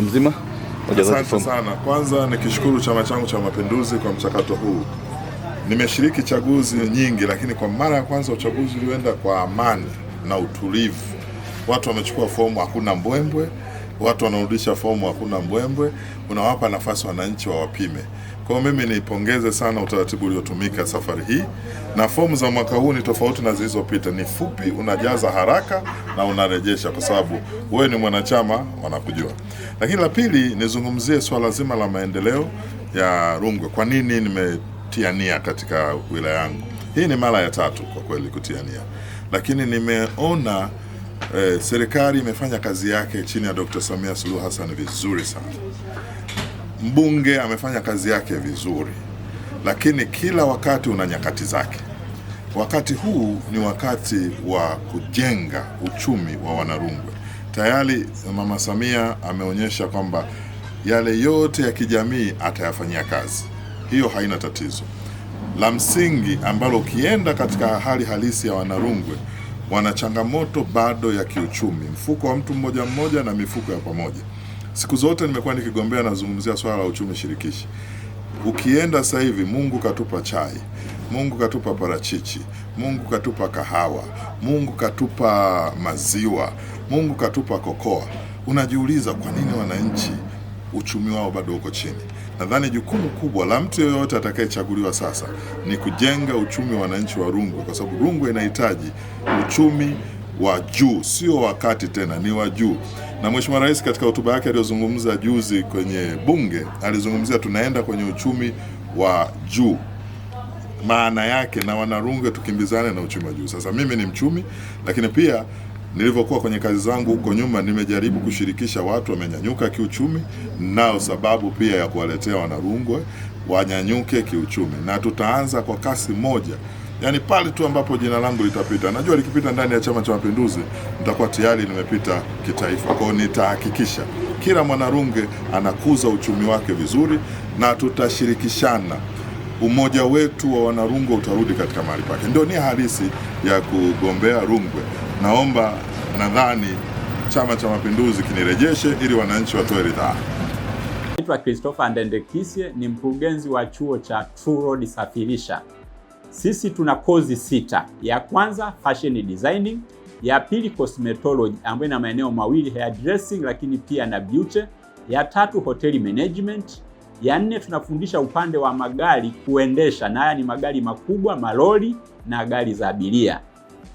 mchakato mzima. Asante sana. Kwanza nikishukuru Chama changu cha Mapinduzi kwa mchakato huu. Nimeshiriki chaguzi nyingi, lakini kwa mara ya kwanza uchaguzi ulioenda kwa amani na utulivu. Watu wamechukua fomu, hakuna mbwembwe watu wanaorudisha fomu hakuna mbwembwe, unawapa nafasi wananchi wawapime. Kwa hiyo mimi niipongeze sana utaratibu uliotumika safari hii, na fomu za mwaka huu ni tofauti na zilizopita, ni fupi, unajaza haraka na unarejesha, kwa sababu wewe ni mwanachama, wanakujua. Lakini la pili, nizungumzie swala zima la maendeleo ya Rungwe. Kwa nini nimetiania katika wilaya yangu? Hii ni mara ya tatu kwa kweli kutiania, lakini nimeona eh, serikali imefanya kazi yake chini ya Dr. Samia Suluhu Hassan vizuri sana, mbunge amefanya kazi yake vizuri, lakini kila wakati una nyakati zake. Wakati huu ni wakati wa kujenga uchumi wa Wanarungwe. Tayari Mama Samia ameonyesha kwamba yale yote ya kijamii atayafanyia kazi, hiyo haina tatizo. La msingi ambalo ukienda katika hali halisi ya Wanarungwe wana changamoto bado ya kiuchumi, mfuko wa mtu mmoja mmoja na mifuko ya pamoja. Siku zote nimekuwa nikigombea, nazungumzia swala la uchumi shirikishi. Ukienda sasa hivi, Mungu katupa chai, Mungu katupa parachichi, Mungu katupa kahawa, Mungu katupa maziwa, Mungu katupa kokoa. Unajiuliza, kwa nini wananchi uchumi wao bado uko chini. Nadhani jukumu kubwa la mtu yeyote atakayechaguliwa sasa ni kujenga uchumi wa wananchi wa Rungwe, kwa sababu Rungwe inahitaji uchumi wa juu, sio wakati tena, ni wa juu. Na Mheshimiwa Rais katika hotuba yake aliyozungumza juzi kwenye Bunge alizungumzia tunaenda kwenye uchumi wa juu maana yake na Wanarungwe tukimbizane na uchumi wa juu. Sasa mimi ni mchumi, lakini pia Nilivyokuwa kwenye kazi zangu huko nyuma, nimejaribu kushirikisha watu wamenyanyuka kiuchumi, nao sababu pia ya kuwaletea Wanarungwe wanyanyuke kiuchumi, na tutaanza kwa kasi moja yaani pale tu ambapo jina langu litapita, najua likipita ndani ya Chama cha Mapinduzi nitakuwa tayari nimepita kitaifa. Kwao nitahakikisha kila mwanarunge anakuza uchumi wake vizuri, na tutashirikishana. Umoja wetu wa wanarungwe utarudi katika mahali pake. Ndio nia halisi ya kugombea Rungwe naomba, nadhani Chama cha Mapinduzi kinirejeshe ili wananchi watoe ridhaa. Naitwa Christopher Ndendekisye, ni mkurugenzi wa chuo cha True Road Safirisha. Sisi tuna kozi sita. Ya kwanza fashion designing, ya pili cosmetology ambayo ina maeneo mawili hair dressing, lakini pia na beauty. Ya tatu hoteli management. Ya nne tunafundisha upande wa magari kuendesha, na haya ni magari makubwa, malori na gari za abiria